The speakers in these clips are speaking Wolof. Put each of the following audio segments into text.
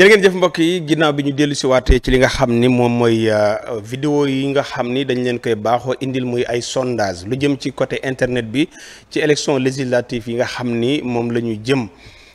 jërë ngeen jëf mbokk yi ginnaaw bi ñu dellu waatee ci li nga xam ni moom mooy euh, vidéo yi nga xam ni dañ leen koy baaxoo indil muy ay sondage lu jëm ci côté internet bi ci élection législative yi nga xam ni moom la ñu jëm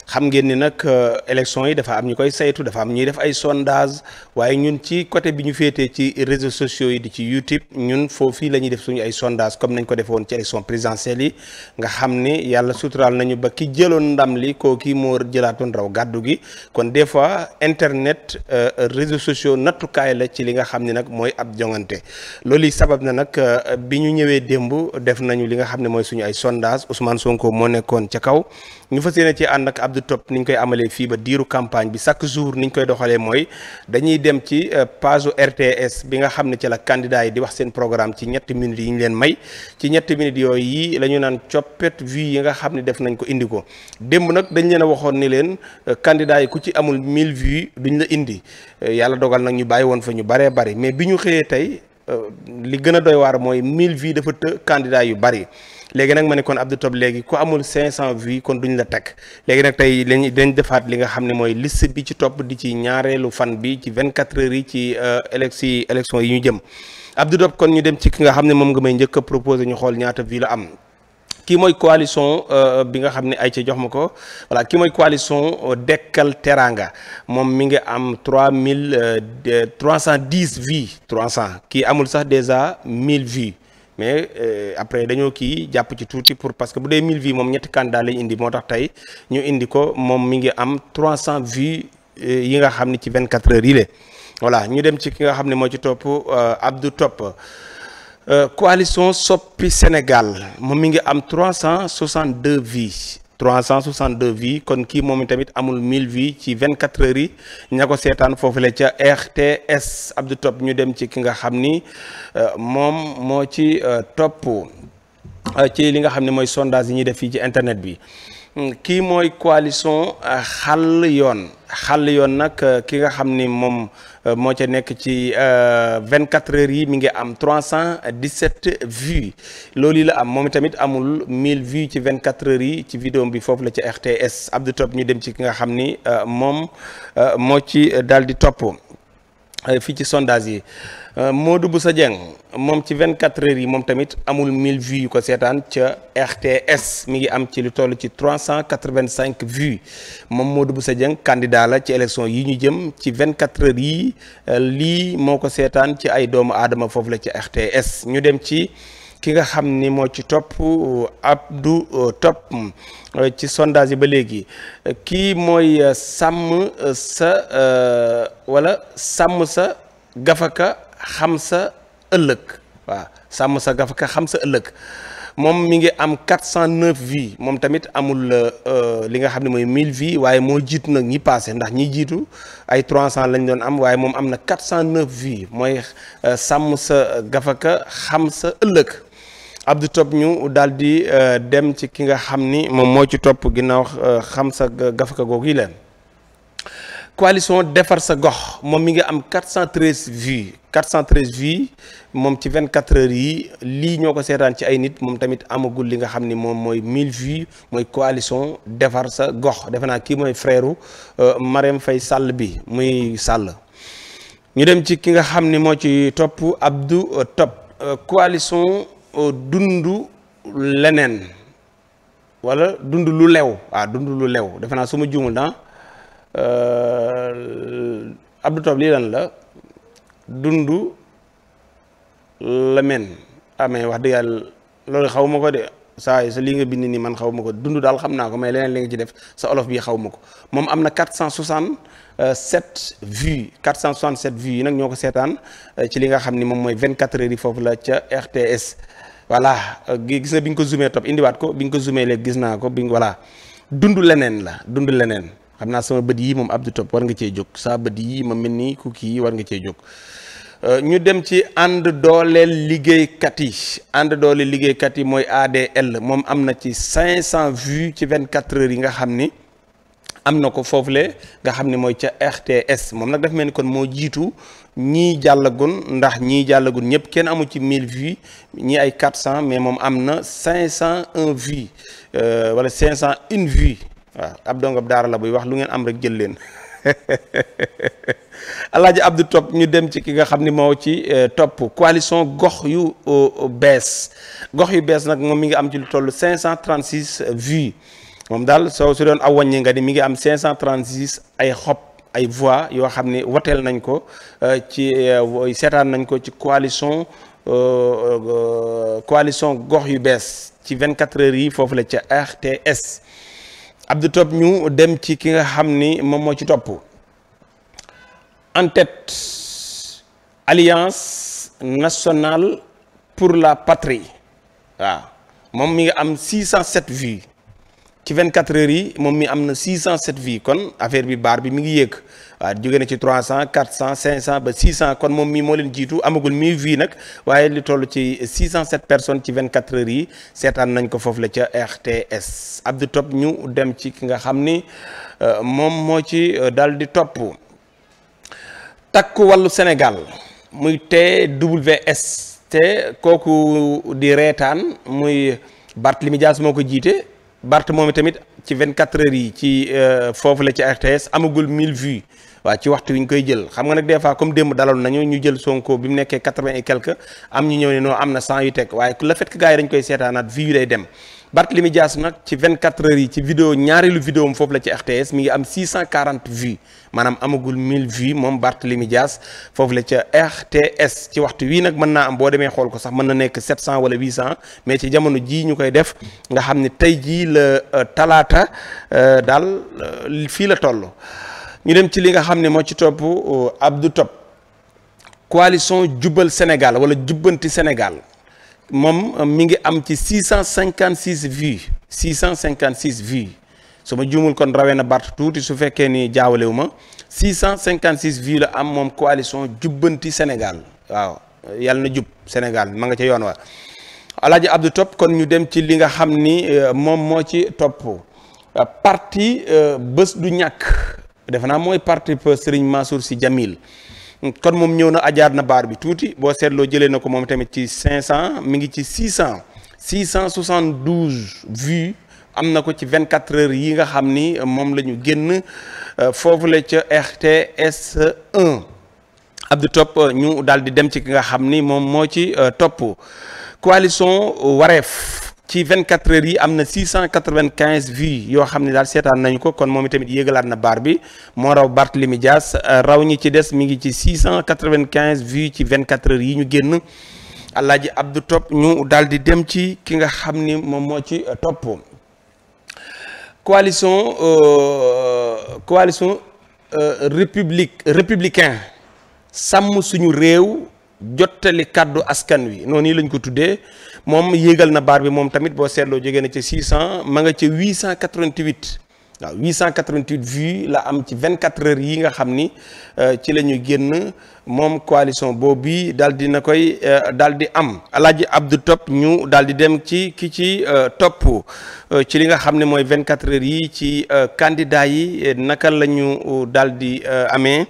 xam ngeen ni nag euh, élection yi dafa am ñu koy saytu dafa am ñuy def ay sondage waaye ñun ci côté bi ñu féetee ci réseaux sociaux yi di ci YouTube ñun foofii la ñuy def suñu ay sondage comme nañ ko defe woon ci élection présidentielle yi nga xam ni yàlla suturaal nañu ba ki jëloon ndam li koo kii moo jëlaatoon raw gàddu gi kon des fois internet euh, réseaux sociaux nattukaay la ci li nga xam ni nag mooy ab jongante loolu yi sabab na nag euh, bi ñu ñëwee démb def nañu li nga xam ne mooy suñu ay sondage Ousmane Sonko moo nekkoon ca kaw du top ni ñu koy amalee fii ba diiru campagne bi chaque jour ni ñu koy doxalee mooy dañuy dem ci euh, page RTS bi nga xam ne ci la candidat yi di wax seen programme ci ñetti minutes yi ñu leen may ci ñetti minutes yooyu yi la ñu naan coppet vue yi nga xam ne def nañ ko indi ko démb nag dañ leen a waxoon ni leen euh, candidat yi ku ci amul 1000 vues duñ la indi euh, yàlla dogal nag ñu bàyyi woon fa ñu baree bari mais bi ñu xëyee tey Euh, li gën a doy waar mooy mille vues dafa të candidat yu bari léegi nag ma ne kon Abdou Top léegi ku amul 500 vues kon duñ la teg léegi nag tey lañ dañ defaat li nga xam ne mooy liste bi ci topp di ci ñaareelu fan bi ci vingt 24 heures yi ci euh, élection élection yi ñu jëm Abdou Top kon ñu dem ci ki nga xam ne moom nga may njëkk proposé ñu xool ñaata vues la am. kii mooy coalition euh, bi nga xam ne ay ci jox ma ko voilà kii mooy coalition euh, Dekkal Teranga moom mi ngi am trois mille euh, trois cent dix vies trois cent kii amul sax déjà mille vies mais après dañoo kii jàpp ci tuuti pour parce que bu dee mille vies moom ñetti candidat lañ indi moo tax tey ñu indi ko moom mi ngi am trois cent vies yi nga xam ne ci vingt quatre heures yi la voilà ñu dem ci ki nga xam ne moo ci topp Abdou Topp Euh, coalition Soppi Sénégal moom mi ngi am trois cent soixante deux vies cent soixante deux vies kon kii moom tamit amul mille vies ci vingt quatre heures yi ña ko seetaan foofu la ca RTS Abdou Top ñu dem ci ki nga xam ni euh, moom moo ci euh, topp ci li nga xam ne mooy sondage yi ñuy def fii ci internet bi. Hmm, kii mooy coalition euh, xàll yoon xàll yoon nag euh, ki nga xam ni moom euh, moo ca nekk ci 24 heures yi mi ngi am 317 vues loolu la am moom tamit amul mille vues ci 24 heures yi ci vidéo bi foofu la ci RTS Abdou Top ñu dem ci ki nga xam ni moom moo ci daal di topp. Euh, fii ci sondage yi euh, Modou sa Dieng moom ci vingt 24 heures yi moom tamit amul mille vues yu ko seetaan ca RTS mi ngi am ci lu toll ci 385 vues moom Modou Boussa Dieng candidat la ci élection yi ñu jëm ci vingt 24 heures yi euh, lii moo ko seetaan ci ay doomu aadama foofu la ci RTS ñu dem ci. ki nga xam ni moo ci topp Abdou Top ci sondage yi ba léegi kii mooy euh, sàmm euh, sa euh, wala sàmm sa gafaka xam sa ëllëg waaw sàmm sa gafaka xam sa ëllëg moom mu ngi am cent 409 vies moom tamit amul li nga xam ne mooy mille vies waaye moo jiitu nag ñi paase ndax ñi jiitu ay 300 lañu doon am waaye moom am na cent 409 vies mooy sàmm sa gafaka xam sa ëllëg Abdou Top ñu daal di euh, dem ci ki nga xam ni moom moo ci topp ginnaaw euh, xam sa gafaka googu yi leen coalition defar sa gox moom mi nga am 413 vues 413 vues moom ci 24 heures yi lii ñoo ko seetaan ci ay nit moom tamit amagul li nga xam ni moom mooy mille vues mooy coalition defar sa gox defe naa kii mooy frère euh, Marème fay Sall bi muy Sall ñu dem ci ki nga xam ni moo ci topp Abdou Top coalition Euh, dund leneen wala dund lu lew waaw ah, dund lu lew defe naa su ma juumul dans ah, euh, Abdou Top lii lan la dund lemen amee ah, wax dëgg yàlla loolu xaw ma ko de saa yi sa lii nga bind nii man xaw ma ko dund daal xam naa ko mais leneen li nga ci def sa olof bi xaw ma ko moom am na 467 vues 467 vues yi nag ñoo ko seetaan euh, ci li nga xam ni moom mooy vingt heures yi foofu la ca RTS voilà euh, gis nga bi nga ko zoomé topp indiwaat ko bi nga ko zoomé léegi gis naa ko bi voilà dund leneen la dund leneen xam naa sama bët yii moom Abdou Top war nga cee jóg saa bët yii ma mel nii ku kii war nga cee jóg euh, ñu dem ci ànd dooleel liggéey yi ànd dooleel liggéeykat yi mooy ell moom am na ci 500 vues ci 24 heures yi nga xam ni. am na ko foofule nga xam ni mooy ca RTS moom nag def mel ni kon moo jiitu ñii jàllagun ndax ñii jàllagun ñëpp kenn amu ci mille vues ñii ay 400 mais moom am na 501 vues euh, wala 501 vues waaw ab dongab daara la buy wax lu ngeen am rek jël leen. alaaji abdou topp ñu dem ci ki nga xam ni moo ci euh, topp coalition gox yu euh, bees gox yu bees nag moom mi ngi am ci lu toll 536 vues moom daal so su doon aw wàññi nga ni mi ngi am 536 ay xob ay voix yoo xam ni woteel nañ ko euh, ci euh, seetaan nañ ko ci coalition euh, coalition gox yu bees ci 24 heures yi foofu la ca RTS Abdou Top ñu dem ci ki nga xam ni moom moo ci topp en tête alliance nationale pour la patrie waaw moom mi ngi am 607 vues. ci 24 heures yi moom mi am na 607 vies kon affaire bi baar bi mu ngi yéeg waaw jóge na ci 300 400 500 ba 600 kon moom mii moo leen jiitu amagul mi vie nag waaye li toll ci 607 personnes ci 24 heures yi seetaan nañ ko foofu la ca RTS Abdou Top ñu dem ci ki nga xam ni euh, moom moo ci euh, daal di topp takku wàllu Sénégal muy TWS te kooku di reetaan muy Barthélémy Dias moo ko jiite. Bart moom tamit ci 24 heures yi ci euh, foofu la ci RTS amagul 1000 vues waaw ci waxtu wi ñu koy jël xam nga nag des fois comme démb dalal nañu ñu jël Sonko bi mu nekkee quatre-vingt et quelque am ñu ñëw ne non am na yu teg waaye le fait que gars yi dañ koy seetaanaat vie yu day dem Barthélémy Dias nag ci 24 heures yi ci vidéo ñaareelu vidéo am foofu la ci RTS mi ngi am 640 vues maanaam amagul 1000 vues moom Barthélémy jaas foofu la ca RTS ci waxtu wii nag mën naa am boo demee xool ko sax mën na nekk 700 wala 800 mais ci jamono jii ñu koy def nga xam ne tey jii la euh, talaata euh, daal euh, fii la toll. ñu dem ci li nga xam ne moo ci topp euh, Abdou Top coalition Jubal Sénégal wala Jubbanti Sénégal moom euh, mi ngi am ci 656 vues 656 vues su ma juumul kon rawee na Bart tuuti su fekkee ni jaawalewu ma 656 vues la am moom coalition Jubbanti Sénégal waaw yàlla na jub Sénégal ma nga ca yoon wa Alaaji Abdou Top kon ñu dem ci li nga xam ni euh, moom moo ci topp parti bés du ñàkk. defe naa mooy parti pour Serigne Mansour si Djamil kon moom ñëw na ajaar na baar bi tuuti boo seetloo jëlee na ko moom tamit ci 500 mu ngi ci 600 672 vues am na ko ci vingt 24 heures yi nga xam ni moom la ñu génn euh, foofu la ca RTS 1 Abdou euh, ñu daal di dem ci ki nga xam ni moom moo ci euh, topp coalition Wareef. ci 24 heures yi am na 695 vues yoo xam ne daal seetaan nañu ko kon moom itamit yëgalaat na baar bi moo raw Barthélemy Dias euh, raw ñi ci des mi ngi ci 695 vues ci 24 heures yi ñu génn Alaaji Abdou Top ñu daal di dem ci ki nga xam ni moom moo ci euh, topp coalition euh, coalition république républicain sàmm suñu réew jottali kàddu askan wi noonu lañ ko tuddee moom yéegal na baar bi moom tamit boo seetloo jógee na ci 600 ma nga ca 888 waaw 888 vues la am ci 24 heures yi nga xam ni euh, ci la ñu génn moom coalition boobu daal di na koy euh, daal di am Alaaji Abdou Top ñu daal di dem ci ki ci euh, topp ci li nga xam ne mooy 24 heures yi ci candidat yi naka la ñu daal di amee.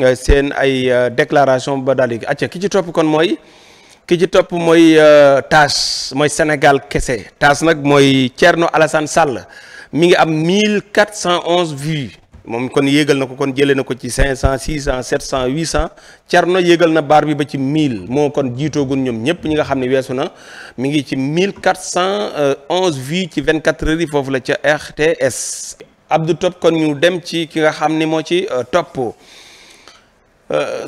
Euh, seen ay euh, déclaration ba daal di acca ki ci topp kon mooy ki ci topp mooy euh, TAS mooy Sénégal kese TAS nag mooy Thierno Alassane Sall mi ngi am 1411 vues moom kon yéegal na ko kon jëlee na ko ci 500 600 700 800 Thierno yéegal na baar bi ba ci 1000 moo kon jiitoogun ñoom ñëpp ñi nga xam ne weesu na mi ngi ci 1411 vues ci 24 heures yi foofu la ca RTS Abdou Top kon ñu dem ci ki nga xam ni moo ci topp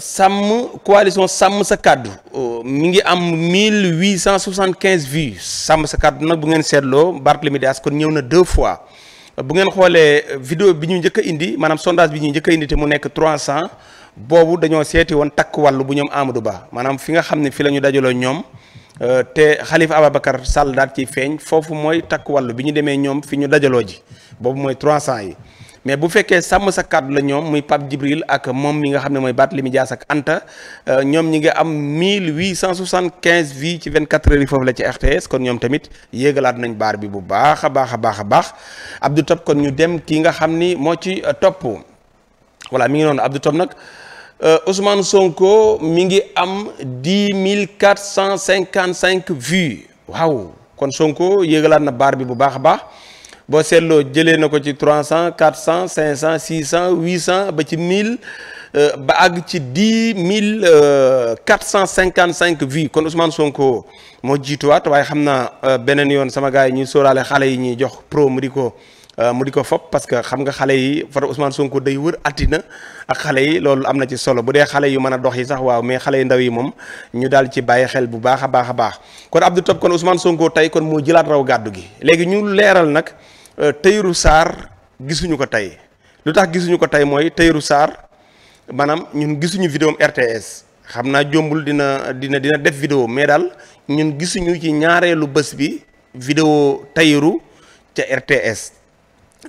sàmm coalition sàmm sa kàddu mu ngi am mille huit cent soixante quinze vues sàmm sa kàddu nag bu ngeen seetloo Barthélémy Dias kon ñëw na deux fois bu ngeen xoolee vidéo bi ñu njëkk indi maanaam sondage bi ñu njëkk a indi te mu nekk trois cent boobu dañoo seeti woon takk wàllu bu ñoom Amadou Ba maanaam fi nga xam ne fi la ñu dajaloo ñoom euh, te Khalifa Ababacar Sall daal ciy feeñ foofu mooy takk wàllu bi ñu demee ñoom fi ñu dajaloo ji boobu mooy trois cent yi. mais bu fekkee sàmm sa kàddu la ñoom muy Pape Djibril ak moom mi nga xam ne mooy Barthélémy Dias ak Anta euh, ñoom ñi ngi am 1875 vies ci 24 heures yi foofu la ci RTS kon ñoom tamit yéegalaat nañ baar bi bu baax a baax a baax a baax Abdou Top kon ñu dem kii nga xam ni moo ci euh, topp voilà mi ngi noonu Abdou Top nag euh, Ousmane Sonko mi ngi am 10 455 vues waaw kon Sonko yéegalaat na baar bi bu baax a baax. boo seetloo jëlee na ko ci cent 400 cent 600 cent ba ci 1000 euh, ba àgg ci mille 10 455 vies kon Ousmane Sonko moo jiituwaat waaye xam naa euh, beneen yoon sama gars yi ñuy sóoraale xale yi ñuy jox pro mu di ko euh, mu di ko fop parce que xam nga xale yi far Ousmane Sonko day wër àddina ak xale yi loolu am na ci solo bu dee xale yu mën a dox yi sax waaw mais xale yu ndaw yi moom ñu daal ci bàyyi xel bu baax a baax a baax kon Abdou Top kon Ousmane tey kon moo jëlaat raw gàddu gi Euh, Tahirou Sarr gisuñu ko tey lu tax gisuñu ko tey mooy Tahirou Sarr maanaam ñun gisuñu vidéom RTS xam naa jombul dina dina dina def video mais daal ñun gisuñu ci ñaareelu bés bi video Tahirou ca RTS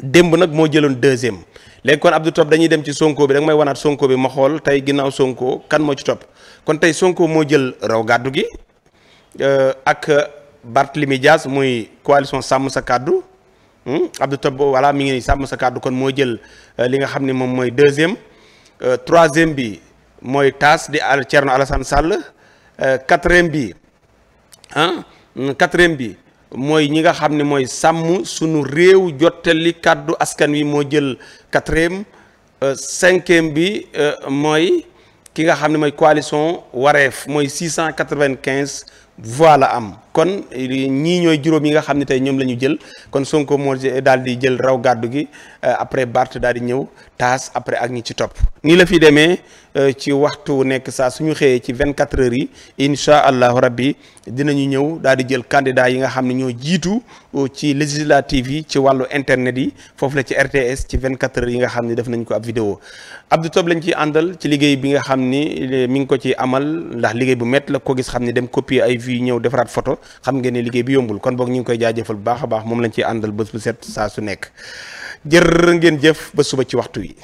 démb nag moo jëloon deuxième léegi kon Abdou Top dañuy dem ci Sonko bi da nga may wanaat Sonko bi ma xool tey ginnaaw Sonko kan moo ci topp kon tey Sonko moo jël raw gàddu gi euh, ak Barthélemy Dias muy coalition sàmm sa kàddu Hmm? Abdou Top voilà mi ngi nii sàmm sa kàddu kon moo jël euh, li nga xam ne moom mooy deuxième euh, troisième bi mooy taas di al Thierno Alassane Sall euh, quatrième bi ah quatrième bi mooy ñi nga xam ne mooy sàmm sunu réew jottali kàddu askan wi moo jël quatrième cinquième bi mooy ki nga xam ne mooy coalition wareef mooy six cent quatre vingt la am kon ñii ñooy juróom yi nga xam ne tey ñoom la ñu jël kon Sonko moo daal di jël raw gàddu gi euh, après Barth daal di ñëw taas après ak ñi ci topp nii la fi demee Euh, ci waxtu wu nekk saa su ñu xëyee ci vingt quatre heures yi incha allahu rabbi dinañu ñëw daal di jël candidat yi nga xam ne ñoo jiitu euh, ci législative yi ci wàllu internet yi foofu la ci RTS ci 24 heures yi nga xam ne def nañ ko ab vidéo Abdou Top lañ ciy àndal ci liggéey bi nga xam ni mi ngi ko ci amal ndax liggéey bu métti la ko gis xam ne dem copier ay vues ñëw defaraat photo xam ngeen ne liggéey bi yombul kon boog ñu ngi koy jaajëfal bu baax a baax moom lañ ciy àndal bés bu set saa su nekk jër ngeen jëf ba suba ci waxtu yi